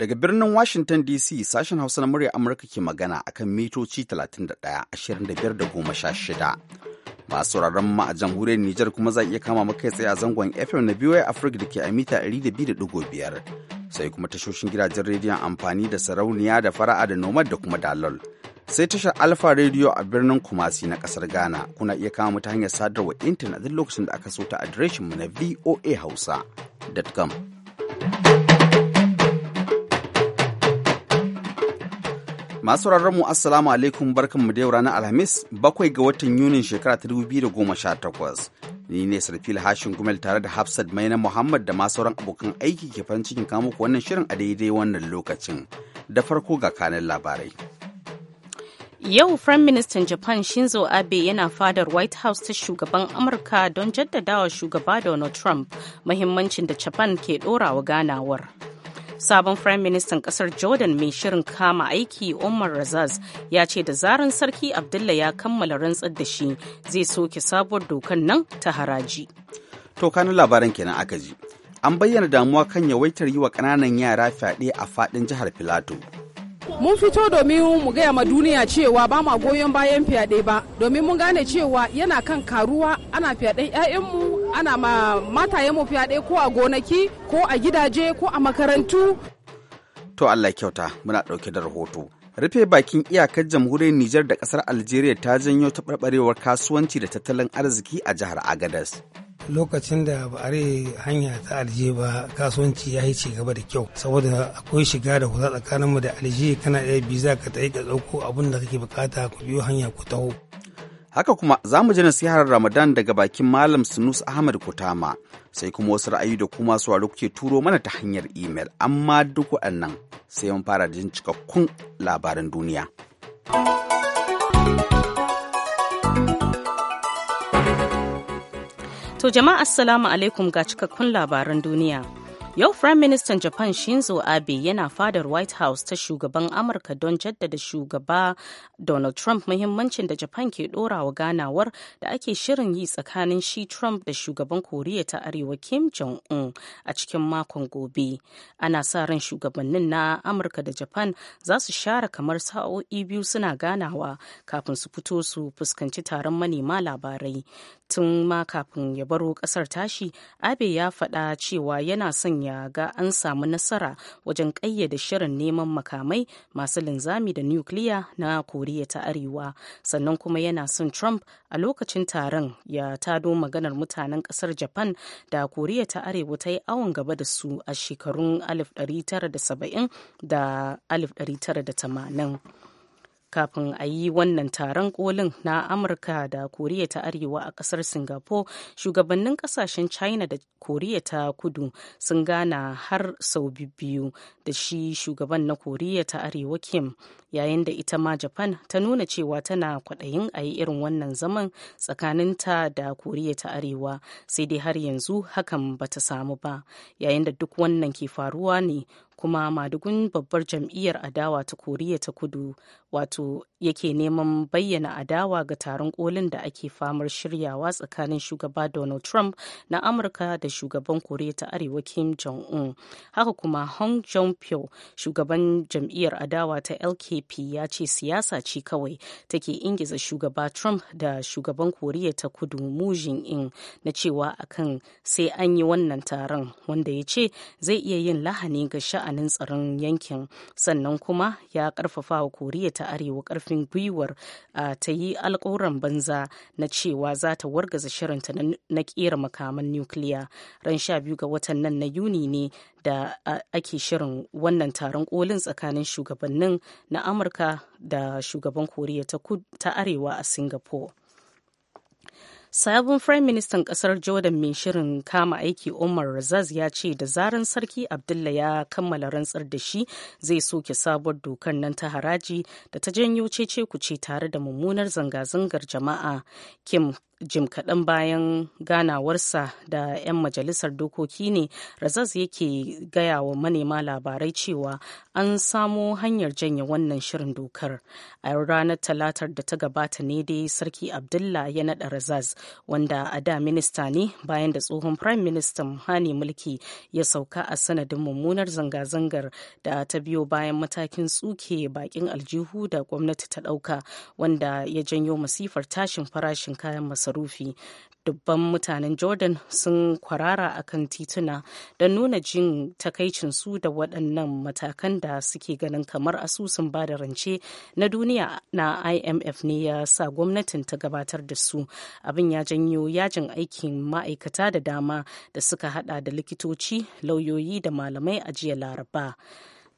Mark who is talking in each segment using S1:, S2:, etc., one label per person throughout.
S1: Daga birnin Washington DC sashen Hausa na murya Amurka ke magana a kan mitoci 31, 25 da 16. Masu sauraron mu a jamhuriyar Nijar kuma za iya kama mu kai tsaye a zangon FM na BYU Africa da ke a mita 200.5. Sai kuma tashoshin gidajen rediyon amfani da sarauniya da fara'a da nomad da kuma dalol. Sai tashar Alfa Radio a birnin Kumasi na kasar Ghana kuna iya kama mu ta hanyar sadarwa intanet duk lokacin da aka so ta adireshin mu na voahausa.com. Masu mu Assalamu alaikum barkanmu da yau ranar Alhamis bakwai ga watan Yunin shekara ta dubu biyu goma sha takwas. Ni ne Sarfil Hashin Gumel tare da Hafsat Maina Muhammad da masu sauran abokan aiki ke farin cikin kamo wannan shirin a daidai wannan lokacin. Da farko ga kanan labarai.
S2: Yau Firayim Ministan Japan Shinzo Abe yana fadar White House ta shugaban Amurka don jaddadawa shugaba Donald Trump mahimmancin da Japan ke ɗorawa ganawar. Sabon Firayim Ministan kasar Jordan mai shirin kama aiki Omar Razaz ya ce da zaran Sarki Abdullah ya kammala rantsar da shi zai soke sabuwar dokan nan ta haraji.
S1: To kanin labaran kenan aka ji. An bayyana damuwa kan yawaitar yi wa ƙananan yara fyaɗe a faɗin jihar Filato.
S2: mun fito
S3: domin mu gaya ma duniya cewa ba ma goyon bayan fyaɗe ba domin mun gane cewa yana kan karuwa ana fyaɗen 'ya'yanmu ana ma mataye mu fyaɗe ko a gonaki ko a gidaje ko a makarantu
S1: to allah kyauta muna ɗauke da rahoto rufe bakin iyakar jamhuriyar Nijar da ƙasar Algeria ta janyo taɓarɓarewar kasuwanci da tattalin arziki a jihar Agadez.
S4: lokacin da ba a hanya ta alje ba kasuwanci ya yi gaba da kyau saboda akwai shiga da kusa tsakaninmu da alje kana iya biza ka tsaye ka ɗauko abin da kake bukata ku biyo hanya ku taho
S1: haka kuma za mu ji nasiharar ramadan daga bakin malam sunus ahmad kutama sai kuma wasu ra'ayi da kuma su sauraro kuke turo mana ta hanyar imel amma duk waɗannan sai mun fara jin cikakkun labaran duniya.
S2: To jama'a assalamu alaikum ga cikakkun labaran duniya. Yau Firayim Ministan Japan Shinzo Abe yana fadar White House ta shugaban Amurka don jaddada shugaba Donald Trump muhimmancin da Japan ke wa ganawar da ake shirin yi tsakanin shi Trump da shugaban Koriya ta Arewa Kim Jong-un a cikin makon gobe. Ana sa ran shugabannin na Amurka da Japan za su share kamar sa'o'i biyu suna ganawa kafin su fito su fuskanci taron manema labarai. tun ma kafin ya baro kasar tashi abe ya faɗa cewa yana son ya ga an samu nasara wajen ƙayyade shirin neman makamai masu linzami da nukiliya na koriya ta arewa sannan kuma yana son trump a lokacin taron ya tado maganar mutanen ƙasar japan da koriya ta arewa ta yi awon gaba da su a shekarun 1970 da 1980 kafin a yi wannan taron kolin na amurka da koriya ta arewa a kasar singapore shugabannin kasashen china da koriya ta kudu sun gana har sau biyu da shi shugaban na koriya ta arewa kim yayin da ita ma japan ta nuna cewa tana kwaɗayin a yi irin wannan zaman tsakaninta da koriya ta arewa sai dai har yanzu hakan bata samu ba yayin da duk wannan ke faruwa ne kuma madugun babbar jam'iyyar adawa ta koriya ta kudu wato yake neman bayyana adawa ga taron kolin da ake famar shiryawa tsakanin shugaba donald trump na amurka da shugaban koriya ta arewa kim jong-un haka kuma hong jong-pyo shugaban jam'iyyar adawa ta lkp ya ce siyasa ce kawai take ingiza shugaba trump da shugaban koriya ta kudu mujin in na cewa akan sai an yi wannan taron wanda ya ce zai iya yin lahani ga sha'ani sha'anin tsaron yankin sannan kuma ya karfafa wa koriya ta arewa karfin gwiwar ta yi alkawuran banza na cewa za ta wargaza shirinta na kera makaman nukiliya ran sha biyu ga watan nan na yuni ne da ake shirin wannan taron kolin tsakanin shugabannin na amurka da shugaban koriya ta arewa a singapore sabon firayim ministan kasar jordan mai shirin kama aiki umar razaz ya ce da zaran sarki abdullah ya kammala rantsar da shi zai soke sabuwar dokar nan ta haraji da ta janyo cece kuce tare da mummunar zanga-zangar jama'a kim jim kaɗan bayan ganawarsa da 'yan majalisar dokoki ne razaz yake gaya wa manema labarai cewa an samo hanyar janye wannan shirin dokar a ranar talatar da ta gabata ne dai sarki abdullah ya naɗa razaz wanda a da minista ne bayan da tsohon prime minister hani mulki ya sauka a sanadin mummunar zanga-zangar da ta biyo bayan matakin tsuke bakin aljihu da gwamnati ta ɗauka wanda ya janyo masifar tashin farashin kayan masarufi masarufi dubban mutanen jordan sun kwarara a kan tituna don nuna jin takaicinsu da waɗannan matakan da suke ganin kamar asusun ba da rance na duniya na imf ne ya sa gwamnatin ta gabatar da su abin ya janyo yajin aikin ma'aikata da dama da suka hada da likitoci lauyoyi da malamai a jiya laraba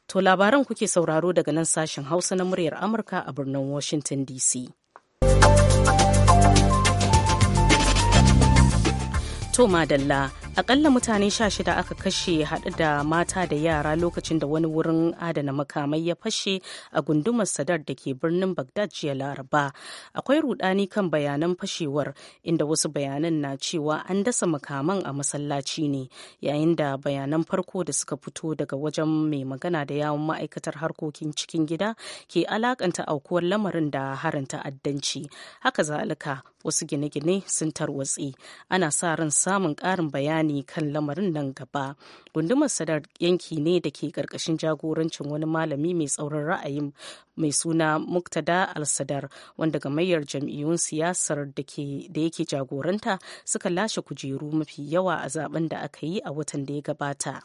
S2: to labaran kuke sauraro daga nan sashen hausa na muryar amurka a birnin washington dc To dalla akalla mutane sha shida aka kashe haɗu da mata da yara lokacin da wani wurin adana makamai ya fashe a gundumar sadar da ke birnin bagdad jiya laraba akwai rudani kan bayanan fashewar inda wasu bayanan na cewa an dasa makaman a masallaci ne yayin da bayanan farko da suka fito daga wajen mai magana da yawon ma'aikatar harkokin cikin gida ke alakanta aukuwar lamarin da harin ta'addanci haka zalika wasu gine-gine sun tarwatse ana sa ran samun ƙarin bayani bayani kan lamarin nan gaba gundumar sadar yanki ne da ke karkashin jagorancin wani malami mai tsaurin ra'ayin mai suna muktada al-sadar wanda gamayyar jam'iyyun siyasar da yake jagoranta suka lashe kujeru mafi yawa a zaben da aka yi a watan da ya gabata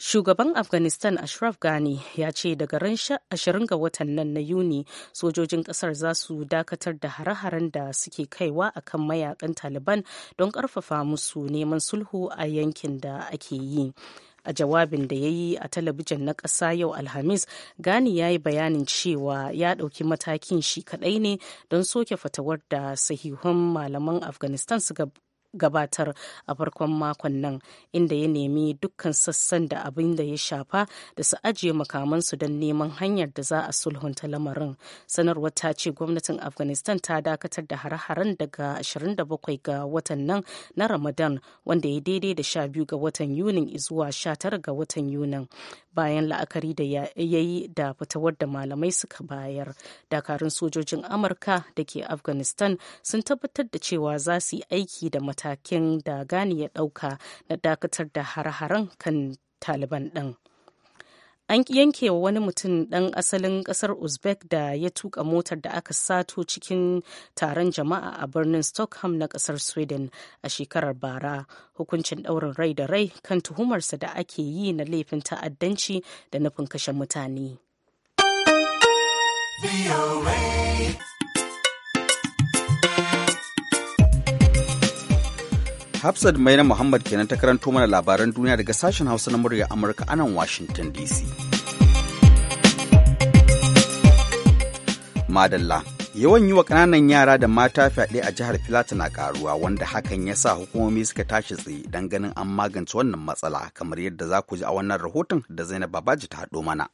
S2: Shugaban Afghanistan Ashraf Ghani ya ce daga ran 20 ga watan nan na Yuni sojojin kasar za su dakatar da hare-haren da suke kaiwa a kan mayakan Taliban don karfafa musu neman sulhu a yankin da ake yi. a jawabin da ya yi a talabijin na ƙasa yau alhamis gani ya yi bayanin cewa ya ɗauki matakin shi kaɗai ne don soke fatawar da sahihun malaman afghanistan suka gabatar a farkon makon nan inda ya nemi dukkan sassan da abin da ya shafa da su ajiye makamansu don neman hanyar da za a sulhunta lamarin sanarwar ta ce gwamnatin afghanistan ta dakatar da hare-haren daga 27 ga watan nan na ramadan wanda ya daidai da 12 ga watan yunin zuwa 19 ga watan yunin bayan la'akari da ya yi da fitowar da malamai suka bayar dakarun sojojin amurka da ke afghanistan sun tabbatar da cewa za su yi aiki da matakin da gani ya ɗauka na dakatar da har-haren kan taliban ɗin. an yanke wa wani mutum ɗan asalin ƙasar uzbek da ya tuka motar da aka sato cikin taron jama'a a birnin stockholm na ƙasar sweden a shekarar bara hukuncin ɗaurin rai da rai kan tuhumarsa da ake yi na laifin ta'addanci da nufin kashe mutane
S1: Hafsat Maina Muhammad kenan ta karanto mana labaran duniya daga sashen Hausa na murya Amurka anan Washington DC. Madalla. Yawan yi wa ƙananan yara da mata fyaɗe a jihar Filata na ƙaruwa wanda hakan ya sa hukumomi suka tashi tsaye don ganin an magance wannan matsala kamar yadda za ku ji a wannan rahoton da Zainab Babaji ta haɗo mana.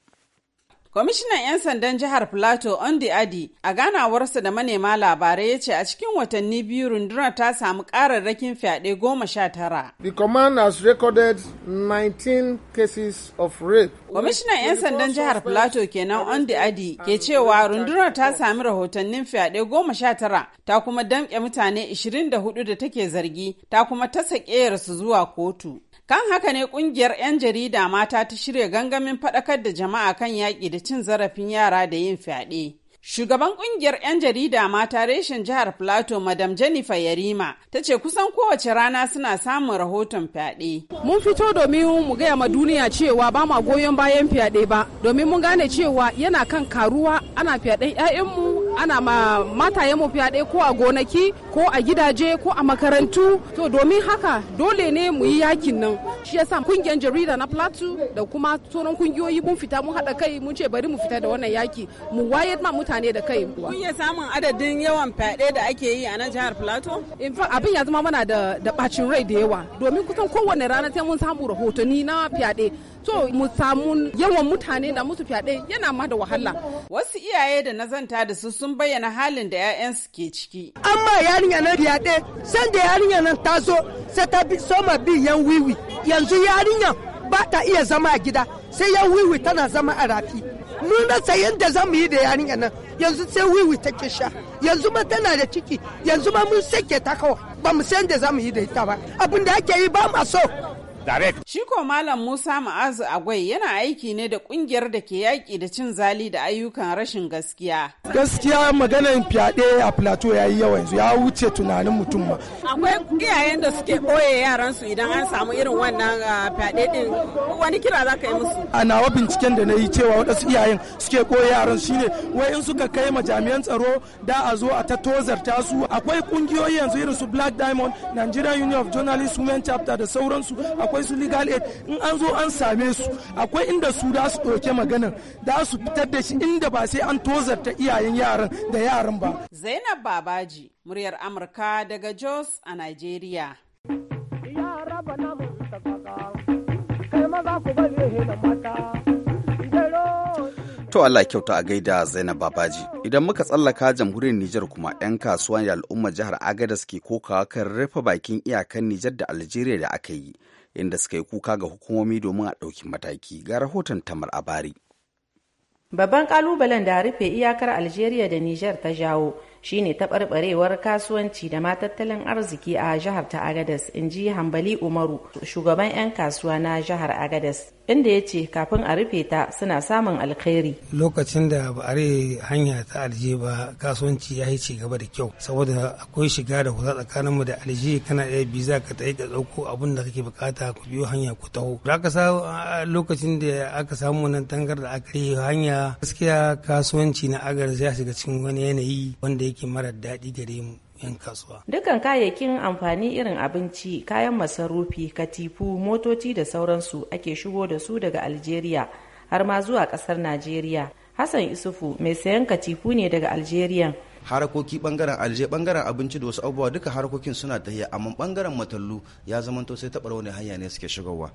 S5: Kwamishinan 'yan sandan jihar Plateau Ondi Adi a ganawarsa da manema labarai ya ce a cikin watanni biyu rundunar ta samu ƙararrakin fyaɗe goma sha tara.
S6: The command has recorded
S7: 19 cases of rape. Kwamishinan 'yan sandan jihar Plateau
S5: kenan Ondi Adi ke cewa rundunar ta sami rahotannin fyaɗe goma sha tara ta kuma damƙe mutane 24 da take zargi ta kuma ta su zuwa kotu. Kan haka ne kungiyar 'yan jarida mata ta shirya gangamin faɗakar da jama'a kan yaƙi da cin zarafin yara da yin fyaɗe. Shugaban kungiyar 'yan jarida mata reshen jihar Plateau Madam Jennifer Yarima ta ce kusan kowace rana suna samun rahoton fyaɗe. Mun fito domin
S3: mu gaya ma duniya cewa ba ma goyon bayan fyaɗe ba domin mun gane cewa yana kan karuwa ana fyaɗen 'ya'yanmu ana ma matayenmu fyaɗe ko a gonaki ko a gidaje ko a makarantu to domin haka dole ne mu yi yakin nan shi yasa kungiyar jarida na Plateau da kuma sauran kungiyoyi mun fita mun haɗa kai mun ce bari mu fita da wannan yaki
S5: mu wayar ma mu mutane da kai Kun iya samun adadin yawan fyaɗe da ake yi a nan jihar Plateau? In fact abin ya zama mana da
S3: da bacin rai da yawa domin kusan kowane rana sai mun samu rahotanni na fyaɗe. To mu samu yawan mutane da musu fyaɗe yana ma da wahala.
S5: Wasu iyaye da na zanta da su sun bayyana halin da 'ya'yansu ke ciki.
S3: Amma yarinya nan
S8: fyaɗe san da yarinya nan ta zo sai ta bi soma bi yan wiwi yanzu yarinya ba ta iya zama a gida sai yan wiwi tana zama a rafi. nuna sayan da zamu yi da yarinya nan yanzu sai wiwi ke sha yanzu ma tana da ciki yanzu ma mun sake ta kawai ba mu san da zamu yi da ita ba abin da ake yi ba ma so direct. Shi
S5: Malam Musa Ma'azu Agwai yana aiki ne da kungiyar da ke yaƙi da cin zali da ayyukan rashin gaskiya.
S1: Gaskiya maganar fyaɗe a plateau ya yi yawa yanzu ya wuce tunanin mutum ma.
S5: Akwai iyayen da suke ɓoye yaransu idan an samu irin wannan ah, fyaɗe ɗin wani kira za ka yi musu.
S1: A nawa binciken da na yi cewa waɗansu iyayen suke ɓoye yaran shine wai in suka kai ma jami'an tsaro da a zo a tattozarta su akwai kungiyoyi yanzu irin su Black Diamond, Nigerian Union of Journalists Women Chapter da sauransu akwai su legal aid in an zo an same su akwai inda su da su ɗauke maganan da su fitar da shi inda ba sai an tozarta iyayen yaran da yaran ba.
S5: Zainab Babaji, muryar Amurka daga Jos a Nigeria.
S1: To Allah kyauta a gaida Zainab Babaji. Idan muka tsallaka jamhuriyar Nijar kuma 'yan kasuwan da al'ummar jihar Agadez ke kokawa kan rufe bakin iyakan Nijar da Algeria da aka yi inda suka yi kuka ga hukumomi domin a ɗauki mataki ga rahoton tamar abari
S9: babban kalubalen da rufe iyakar algeria da nijar ta jawo shine taɓarɓarewar kasuwanci da ma tattalin arziki a jihar ta agadas in ji hambali umaru shugaban 'yan kasuwa na jihar agadas inda ya ce kafin a rufe ta suna samun alkhairi.
S4: Lokacin da ba a hanya ta alje ba kasuwanci ya yi ci gaba da kyau saboda akwai shiga da kusa tsakanin mu da alje kana iya biza ka ta ka ɗauko abin da kake bukata ku biyo hanya ku taho. Da lokacin da aka samu nan tangar da aka yi hanya gaskiya kasuwanci na agar zai shiga cikin wani yanayi wanda yake mara daɗi gare mu. 'yan kasuwa.
S9: Dukkan kayayyakin amfani irin abinci, kayan masarufi, katifu, motoci da sauransu ake shigo da su daga Algeria har ma zuwa ƙasar Najeriya. Hassan Isufu mai sayan katifu ne daga Algeria.
S1: harakoki bangaren alje bangaren abinci da wasu abubuwa duka harakokin suna tahiya amma bangaren matallu ya zamanto sai taɓa wani hanya ne suke shigowa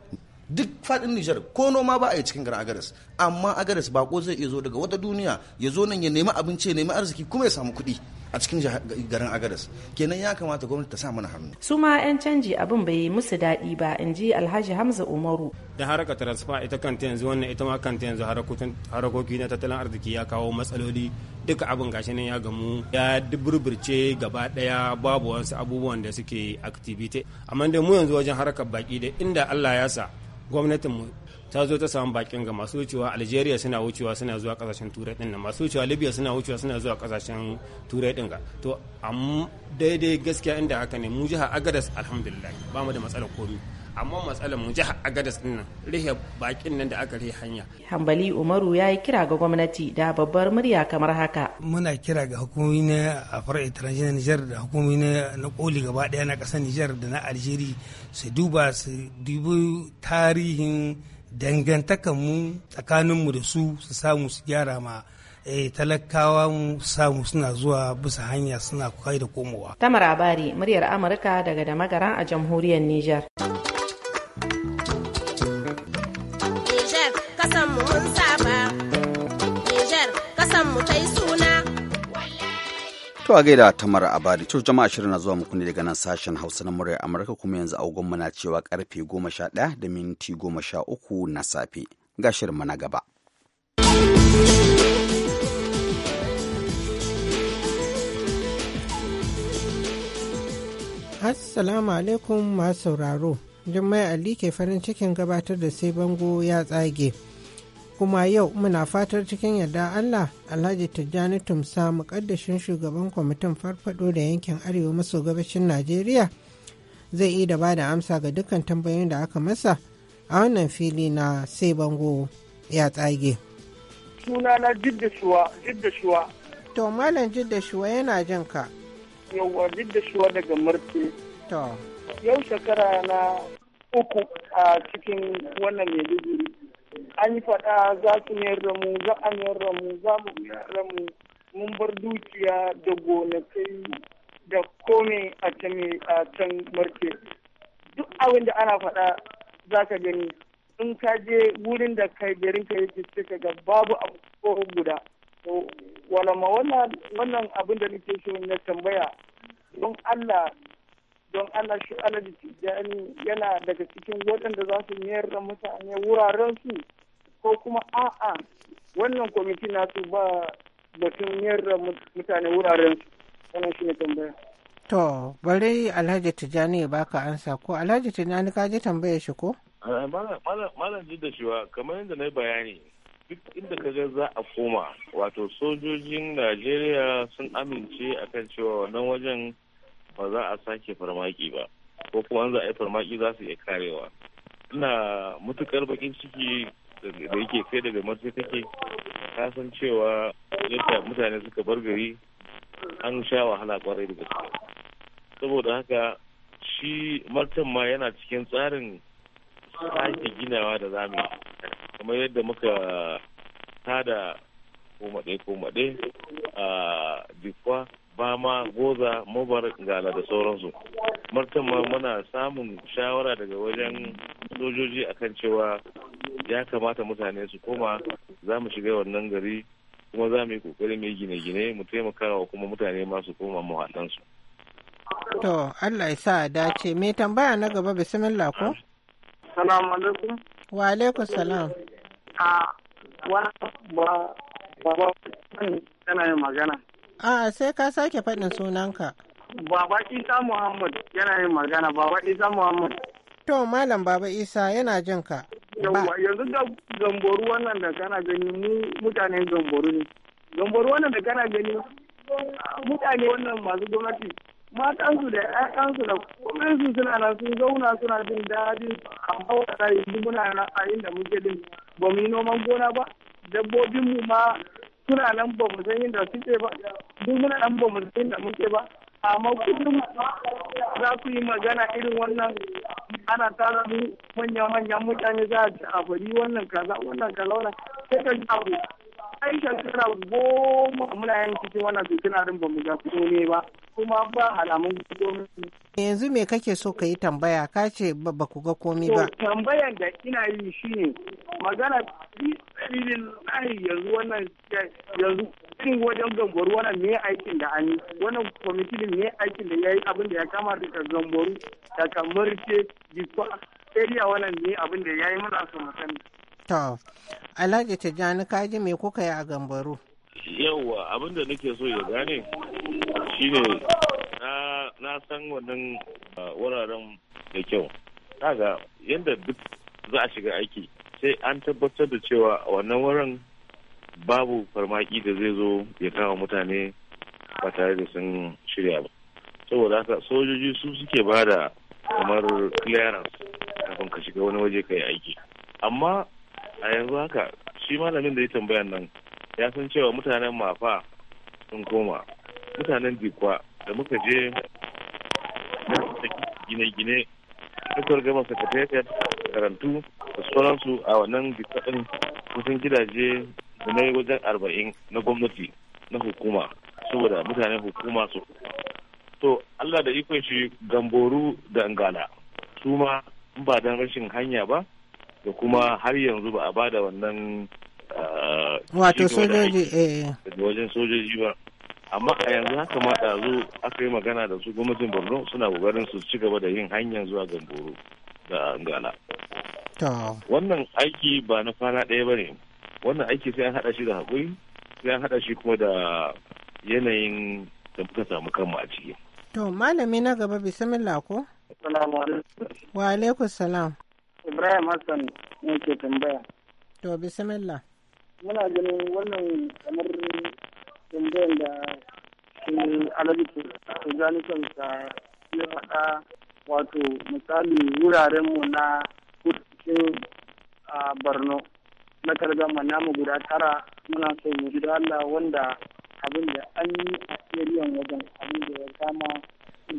S1: duk faɗin Nijar ko noma ba a yi cikin garin Agares amma Agares bako zai iya zo daga wata duniya ya zo nan ya nemi abinci ya nemi arziki kuma ya samu kuɗi a cikin garin Agares kenan ya kamata gwamnati ta sa mana hannu
S9: su ma 'yan canji abin bai yi musu daɗi ba in ji Alhaji Hamza Umaru
S4: da haraka transfer ita kanta yanzu wannan ita ma kanta yanzu harakoki na tattalin arziki ya kawo matsaloli duka abin gashi nan ya gamu ya duburburce gaba daya babu wasu abubuwan da suke activity amma dai mu yanzu wajen harakar baki da inda Allah ya sa mu ta zo ta samu bakin ga masu wucewa algeria suna wucewa suna zuwa kasashen turai din masu wucewa libya suna wucewa suna zuwa kasashen turai din ga to amma daidai gaskiya inda haka ne mu jihar agadas alhamdulillah ba mu da matsalar komi amma matsalar mu jihar agadas din nan rihe bakin nan da aka rihe hanya
S9: hambali umaru ya yi kira ga gwamnati da babbar murya kamar haka muna kira ga
S4: hukumomi na afar na nijar da hukumomi na koli gaba daya na kasar nijar da na algeria su duba su dubi tarihin dangantakanmu tsakaninmu da su su samu su gyara ma e eh, talakawa mu samu suna zuwa bisa hanya suna kai da komowa.
S9: Tamar Abari, muryar Amurka daga da a jamhuriyar Nijar. Nijar, kasan mu mun saba. Nijar, kasan mu ta yi su.
S1: To a gaida Tamar Abadi, to jama'a shirin na zuwa muku ne daga nan sashen Hausa na muryar Amurka kuma yanzu agogon na cewa karfe 11 da minti 13 na safe. Ga shirin na gaba.
S7: Assalamu alaikum masu sauraro. Jummai Ali ke farin cikin gabatar da sai bango ya tsage. kuma yau muna fatar cikin yadda Allah Alhaji Tijjani Tumsa muƙaddashin shugaban kwamitin farfaɗo da yankin Arewa maso gabashin Najeriya zai iya da bada amsa ga dukkan tambayoyin da aka masa a wannan fili na sai bango ya tsage.
S6: Suna Jidda Shuwa, Jidda Shuwa.
S7: To Malam Jidda Shuwa yana jin ka.
S6: Yawwa Jidda Shuwa daga Murfi. To. Yau shekara na uku a cikin wannan Maiduguri. an yi faɗa za su mayar da mu za a mayar da mu za mu mayar da mu mun bar dukiya da gonakai da komai a can a marke duk abin da ana faɗa za ka gani in ka je wurin da kai garin ka yake sai ga babu abu ko guda to walama wannan abin da nake so na tambaya don Allah don Allah shi alaji tijjani yana daga cikin waɗanda za su mayar da mutane wuraren su ko kuma a'a wannan kwamiti su ba batun yarda mutane wuraren wannan ne tambaya
S7: to bari alhaji tijjani ya baka ansa ko alhaji tijjani ka ji tambaya shi ko
S10: malam ji da shiwa kamar yadda na bayani duk inda ka ga za a koma wato sojojin najeriya sun amince akan cewa wannan wajen ba za a sake farmaki ba ko kuma an za a yi farmaki za su iya karewa ina matukar bakin ciki da yake kai daga marti take kasan cewa yadda mutane suka bar gari an sha wahala kwarai da gaske saboda haka shi martan ma yana cikin tsarin sake ginawa da zamu kamar yadda muka tada komaɗe komaɗe a ah, dikwa bama goza mubar gala da sauransu martaba muna samun shawara daga wajen sojoji akan cewa ya kamata mutane su koma za mu shiga wannan gari kuma za mu yi kokari mu gine-gine mu taimaka wa kuma mutane masu koma muhallansu.
S7: To Allah ya sa dace me tambaya na gaba bismillah ko?
S6: Salamu alaikum.
S7: Wa alaikum salam.
S6: A wa ba ba tana yin magana.
S7: A sai ka sake faɗin sunanka.
S6: Baba Isa Muhammad yana yin magana Baba Isa Muhammad.
S7: To Malam Baba Isa yana jin ka.
S6: yanzu da gamboru wannan da kana gani mu mutanen gamboru ne. Gamboru wannan da kana gani mutane wannan masu gwamnati matansu da ƴaƴansu da kumensu suna nan sun zauna suna jin daɗi amma wata yanzu muna nan a inda muke din ba mu yi noman gona ba dabbobinmu ma suna nan ba mu san inda suke ba duk muna nan ba mu san inda muke ba amma kullum za ku yi magana irin wannan ana tara manya-manyan mutane za a ci abari wannan kaza wannan kaza wannan sai ka ji abu ai shekara goma muna yin cikin wannan fitina din ba mu ga ne ba kuma ba alamun gwamnati.
S7: yanzu me kake so ka yi tambaya ka ce ba ku ga komi ba.
S6: tambayan da ina yi shi ne magana irin ɗari yanzu wannan yanzu cikin wajen gamboru wannan ne aikin da an yi wannan kwamiti ne me aikin da ya yi abin da ya kama daga da kamar ce jikwa area wannan ne abin da ya yi mana su musani.
S7: to alhaji tijjani kaji me kuka yi a gambaru.
S10: yawwa abin da nake so ya gane shine na na san wannan wuraren da kyau kaga yadda duk za a shiga aiki sai an tabbatar da cewa wannan wurin babu farmaki da zai zo ya kama mutane ba tare da sun shirya ba saboda haka sojoji su suke ba da kamar clearance kafin ka shiga wani waje ka aiki amma a yanzu haka shi malamin da ya tambaya nan ya san cewa mutanen mafa sun koma mutanen dikwa da muka je gine-gine kasar gama sakatariyar karantu da sauransu a wannan dikwadin kusan gidaje da na wajen arba'in na gwamnati na hukuma saboda mutanen hukuma su to allah da ikon shi gamboru da ngala su ma ba don rashin hanya ba da kuma har yanzu ba a ba da wannan ah, wato sojoji eh, eh. wajen sojoji ba amma a yanzu haka ma ɗazu aka yi magana da su gwamnatin borno suna kokarin su ci gaba da yin hanyar zuwa gamboro da ngala wannan aiki ba na kwana ɗaya ba ne wannan aiki sai an haɗa shi da haƙuri sai an haɗa shi kuma da yanayin da muka samu kanmu a ciki.
S7: To malami na gaba bismillah ko?
S6: Salamu alaikum.
S7: Wa alaikum salam.
S6: Ibrahim Hassan ne ke tambaya.
S7: To bismillah.
S6: Muna ganin wannan kamar tambayan da alaji Janison ka ya faɗa wato misali wurarenmu na kudu a Borno. lakar ma namu guda tara muna so mu da Allah wanda abin da an yi a tsiriyan wajen abin da ya kama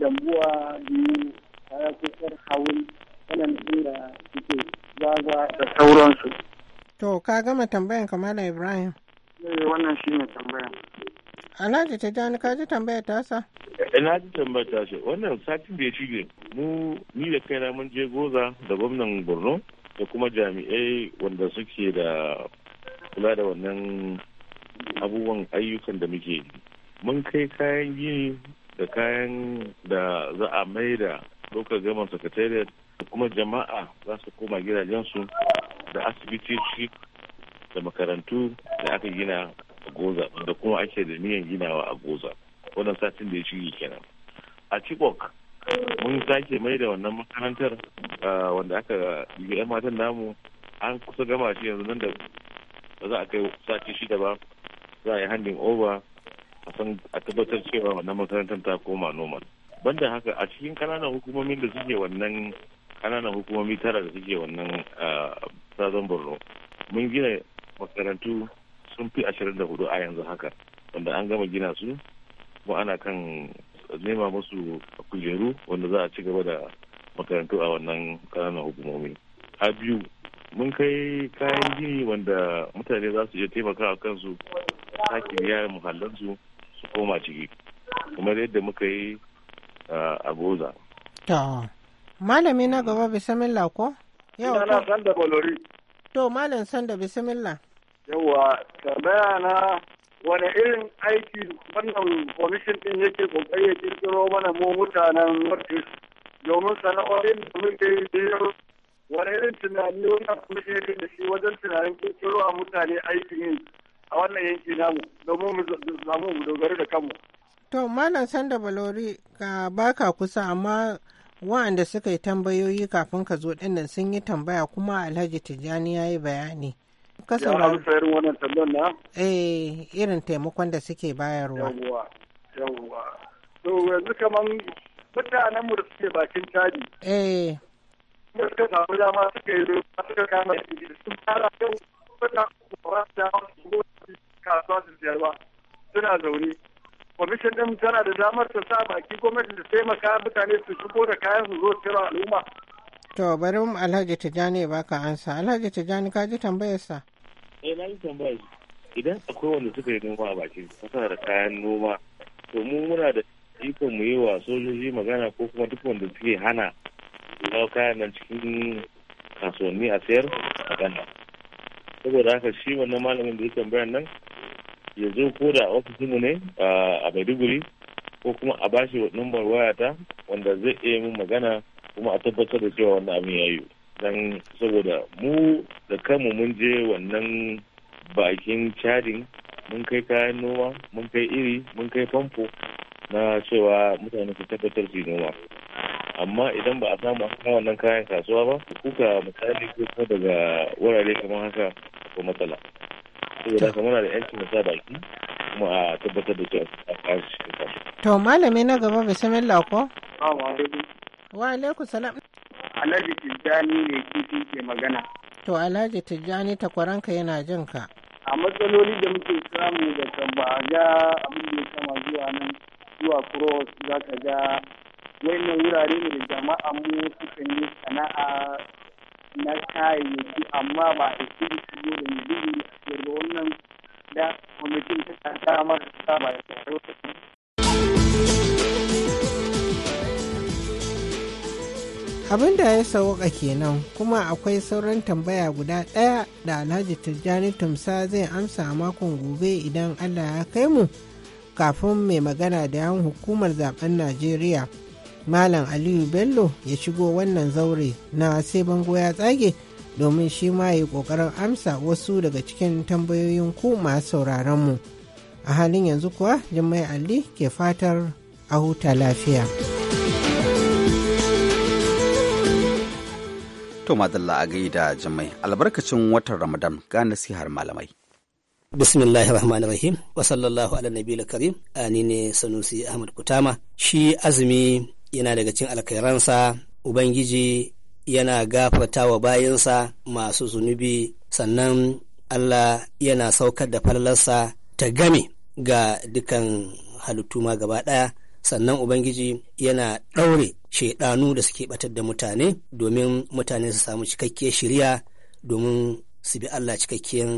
S6: dambuwa biyu tare kusur hawul waɗanda da suke zaza da sauransu.
S7: To ka gama tambayan kamala Ibrahim.
S6: Eh wannan shi ne tambayan.
S7: Alhaji ta jani ka ji tambayar tasa?
S10: Ina eh, ji tambayar tasa wannan satin da ya shige mu ni da kaina mun je goza da gwamnan Borno da kuma jami'ai wanda suke da kula da wannan abubuwan ayyukan da muke yi mun kai kayan gini da kayan da za a mai da lokacin gaman secretariat kuma jama'a za su koma gidajensu da asibitoci da makarantu da aka gina a goza da kuma ake da niyan ginawa a goza wannan satin da ya shige kenan a chibok mun sake mai da wannan makarantar wanda aka yi yan matan namu an kusa gama shi yanzu nan da ba za a kai sati shida ba za a yi handing over a san a tabbatar cewa wannan makarantar ta koma normal banda haka a cikin kananan hukumomin da suke wannan kananan hukumomi tara da suke wannan sazon borno mun gina makarantu sun fi ashirin da hudu a yanzu haka wanda an gama gina su kuma ana kan nema musu kujeru wanda za a ci gaba da makarantu a wannan ƙananan hukumomi a biyu mun kai kayan gini wanda mutane za su iya taimakawa kansu sake biya muhallansu su koma ciki kamar yadda muka yi a goza.
S7: malami na gaba bisamilla ko?
S6: na ko? sanda bolori.
S7: to malam sanda bisamilla.
S6: yawa tambaya na wani irin aiki wannan kwamishin din yake kokari ya kirkiro mana mu mutanen wata domin sana'o'in da muke yi wani irin tunani wannan kwamishin yake da shi wajen tunanin kirkiro a mutane aikin yi a wannan yanki namu domin mu zamu mu dogari da kanmu.
S7: To Malam Sanda Balori ka baka kusa amma wa'anda suka yi tambayoyi kafin ka zo dinnan sun yi tambaya kuma Alhaji Tijjani ya yi bayani. ka saurari
S6: ya irin wannan tallan na
S7: eh irin taimakon da suke bayarwa
S6: yawwa yawwa to yanzu kaman mutanen mu da suke bakin caji eh suka samu dama suka yi ruwa suka kama da sun fara yau suna kuma dama su go kasuwa su siyar ba suna zaune kwamishin din tana da damar ta sa baki
S7: gwamnati da taimaka mutane su shigo da kayan su zo siyar al'umma To bari mu Alhaji Tijani ba ka ansa. Alhaji tijani ka ji tambayar sa?
S10: Eh na yi tambayar. Idan akwai wanda suka yi noma a bakin kasa da kayan noma to mu muna da ikon mu yi wa sojoji magana ko kuma duk wanda suke hana kawo kayan nan cikin kasuwanni a sayar magana. Saboda haka shi wannan malamin da ya tambayar nan ya zo ko da mu ne a Maiduguri ko kuma a bashi numbar wayata wanda zai iya min magana kuma a tabbatar da cewa wannan abin ya dan saboda mu da kanmu mun je wannan bakin cadin mun kai kayan noma mun kai iri mun kai famfo na cewa mutane su tabbatar su noma amma idan ba a samu a wannan kayan kasuwa ba kuka misali ko daga wurare kamar haka ko matsala saboda kamar da yanci mu sa baki kuma a tabbatar da cewa a kasuwa.
S7: to malami na gaba bisimillah ko. Wa alaikum salam.
S6: Alhaji Tijjani ne kifi ke magana.
S7: To Alhaji Tijjani takwaranka yana jin ka.
S6: A matsaloli da muke samu da ba ga abin da ya kama zuwa nan zuwa cross za ka ga wannan wurare ne da jama'a mu suka yi sana'a na kayayyaki amma ba a isi su zo da mai a cikin wannan da kwamitin ta kasa ta ba da
S7: abin da ya sauka kenan kuma akwai sauran tambaya guda ɗaya da alhaji tijjani tumsa zai amsa a makon gobe idan allah ya kai mu kafin mai magana da yawan hukumar zaben najeriya malam aliyu bello ya shigo wannan zaure na sai bango ya tsage domin shi ma ya kokarin amsa wasu daga cikin tambayoyin ku masu sauraron mu a halin yanzu kuwa jimai ali ke fatar a huta lafiya.
S1: To madalla a gaida jimai
S8: albarkacin watan Ramadan ga nasihar malamai. bismillahi Rahmanir Rahim wa sallallahu ala nabiyil karim ni ne Sanusi Ahmad Kutama shi azumi yana daga cikin alkairansa ubangiji yana gafata wa bayansa masu zunubi sannan Allah yana saukar da falalarsa ta game ga dukan halittu ma gaba ɗaya sannan ubangiji yana ɗaure shaiɗanu da suke ɓatar da mutane domin mutane su samu cikakkiyar shirya domin su bi Allah cikakkiyar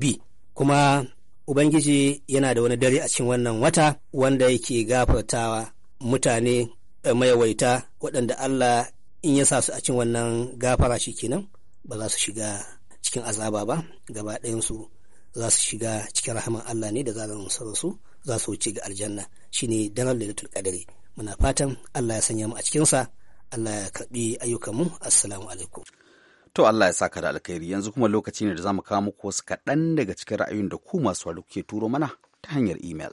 S8: bi kuma ubangiji yana da wani dare a cikin wannan wata wanda yake gafartawa mutane mayawaita waɗanda Allah in ya sa su a cikin wannan gafara shi kenan ba za su shiga cikin azaba ba gaba ɗayansu za su shiga cikin rahaman Allah ne da zaran su za su wuce ga aljanna shine daren lailatul qadari muna fatan Allah ya sanya mu a cikinsa Allah ya karbi ayyukanmu assalamu alaikum
S1: To Allah ya saka da alkhairi yanzu kuma lokaci ne da zamu kawo muku wasu kaɗan daga cikin ra'ayoyin da ku masu wari ke turo mana ta
S11: hanyar email.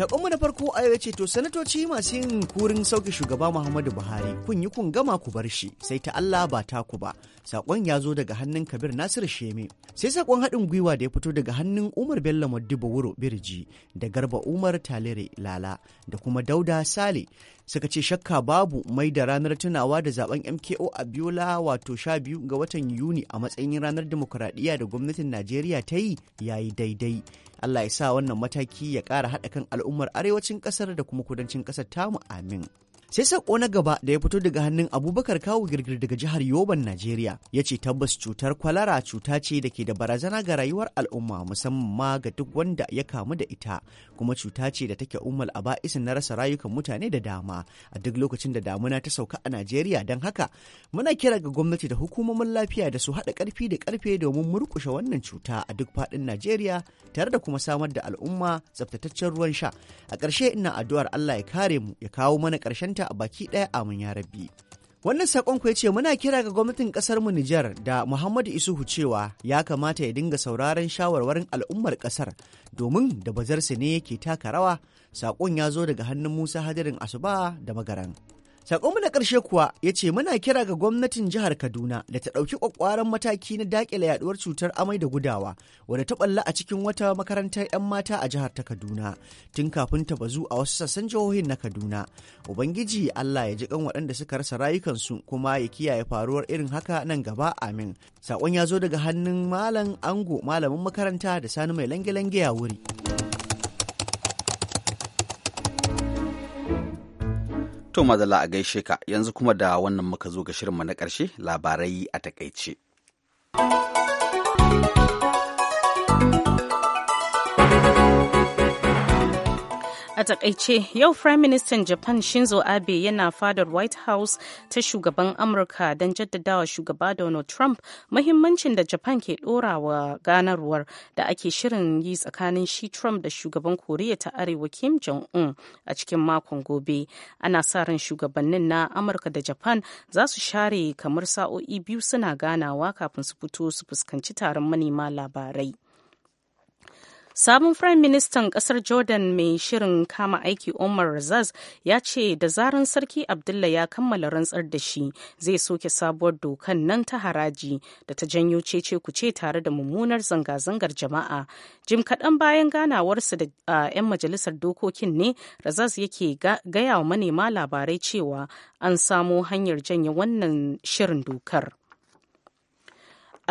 S11: saƙonmu na farko a yau ce to sanatoci masu yin kurin sauke shugaba Muhammadu Buhari kun yi kun gama ku bar shi sai ta Allah ba ta ku ba Sakon ya zo daga hannun Kabir Nasir Sheme. Sai sakon haɗin gwiwa da ya fito daga hannun Umar Bello Madiba Wuro Birji da Garba Umar Talere Lala da kuma Dauda Sale suka ce shakka babu mai da ranar tunawa da zaben MKO a Biola wato sha biyu ga watan Yuni a matsayin ranar demokuraɗiyya da gwamnatin Najeriya ta yi yayi daidai. Allah ya sa wannan mataki ya ƙara haɗa kan al'ummar arewacin ƙasar da kuma kudancin ƙasar tamu amin. sai sako na gaba da ya fito daga hannun abubakar kawo girgir daga jihar yoban najeriya ya ce tabbas cutar kwalara cuta ce da ke da barazana ga rayuwar al'umma musamman ma ga duk wanda ya kamu da ita kuma cuta ce da take umar a ba'isin na rasa rayukan mutane da dama a duk lokacin da damuna ta sauka a najeriya don haka muna kira ga gwamnati da hukumomin lafiya da su haɗa ƙarfi da ƙarfe domin murƙushe wannan cuta a duk faɗin najeriya tare da kuma samar da al'umma tsaftataccen ruwan sha a ƙarshe ina addu'ar allah ya kare mu ya kawo mana ƙarshen fahimta a baki ɗaya amin ya rabbi. Wannan sakon ku ce muna kira ga gwamnatin ƙasar mu Nijar da Muhammadu Isuhu cewa ya kamata ya dinga sauraron shawarwarin al'ummar ƙasar, domin da bazarsa ne yake taka rawa. Sakon ya zo daga hannun Musa Hadirin Asuba da Magaran. Sakonmu na ƙarshe kuwa ya ce muna kira ga gwamnatin jihar Kaduna da ta ɗauki ƙwaƙwaran mataki na daƙile yaduwar cutar amai da gudawa wadda ta ɓalla a cikin wata makarantar 'yan mata a jihar ta Kaduna tun kafin ta bazu a wasu sassan jihohin na Kaduna. Ubangiji Allah ya ji kan waɗanda suka rasa rayukansu kuma ya kiyaye faruwar irin haka nan gaba amin. Sakon ya zo daga hannun malam ango malamin makaranta da sani mai lange-lange ya wuri.
S1: To mazala a gaishe ka yanzu kuma da wannan muka zo ga shirinmu na ƙarshe labarai a takaice.
S2: A takaice yau Prime Minister Japan Shinzo Abe yana fadar White House ta shugaban Amurka don jaddadawa shugaba Donald Trump mahimmancin da Japan ke wa ganarwar da ake shirin yi tsakanin shi Trump da shugaban Koriya ta Arewa Kim Jong-un a cikin makon gobe. Ana sa ran shugabannin na Amurka da Japan za su share kamar sa'o'i biyu suna ganawa kafin su fito su fuskanci taron manema labarai. Sabon Firayim Ministan kasar Jordan mai shirin kama aiki Omar Razaz ya ce da zaran Sarki Abdullah ya kammala rantsar da shi zai soke sabuwar dokan nan ta haraji da ta janyo cece kuce tare da mummunar zanga-zangar jama'a. Jim kaɗan bayan ganawarsa da 'yan majalisar dokokin ne Razaz yake gaya wa manema labarai cewa an samo hanyar janye wannan shirin dokar.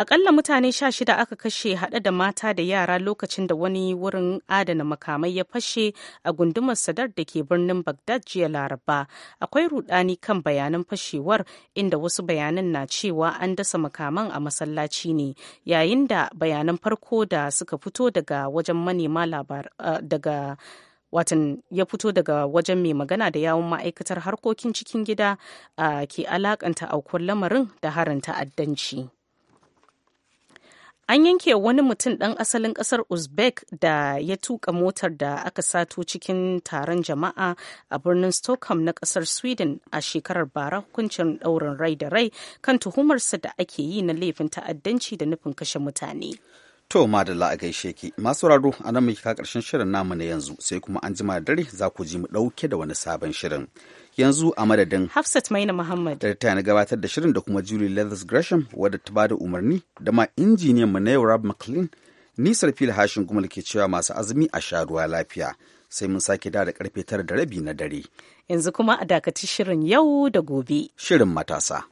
S2: Akalla mutane sha shida aka kashe haɗe da mata da yara lokacin da wani wurin adana makamai ya fashe a gundumar sadar da ke birnin Baghdad jiya Laraba. Akwai rudani kan bayanan fashewar inda wasu bayanan na cewa an dasa makaman a masallaci ne, yayin da bayanan farko da suka fito daga wajen manema labar daga watan ya fito daga wajen mai magana da yawun ma'aikatar harkokin cikin gida uh, ke alakanta aukuwar lamarin da harin ta'addanci. an yanke wani mutum ɗan asalin ƙasar uzbek da ya tuka motar da aka sato cikin taron jama'a a birnin stockholm na ƙasar sweden a shekarar bara hukuncin ɗaurin rai da rai kan tuhumarsa da ake yi na laifin ta'addanci da nufin kashe mutane
S1: to madalla a gaishe ki masu raro a nan muke ka karshen shirin namu na yanzu sai kuma an jima da dare za ku ji mu ɗauke da wani sabon shirin yanzu a madadin
S2: Hafsat Maina Muhammad
S1: da ta na gabatar da shirin da kuma Julie Leathers Gresham wadda ta ba da umarni da ma injiniyan mu na yau Rob McLean nisar fil hashin kuma ke cewa masu azumi a sha ruwa lafiya sai mun sake da da karfe tara da rabi na dare
S2: yanzu kuma a dakaci shirin yau
S1: da gobe shirin matasa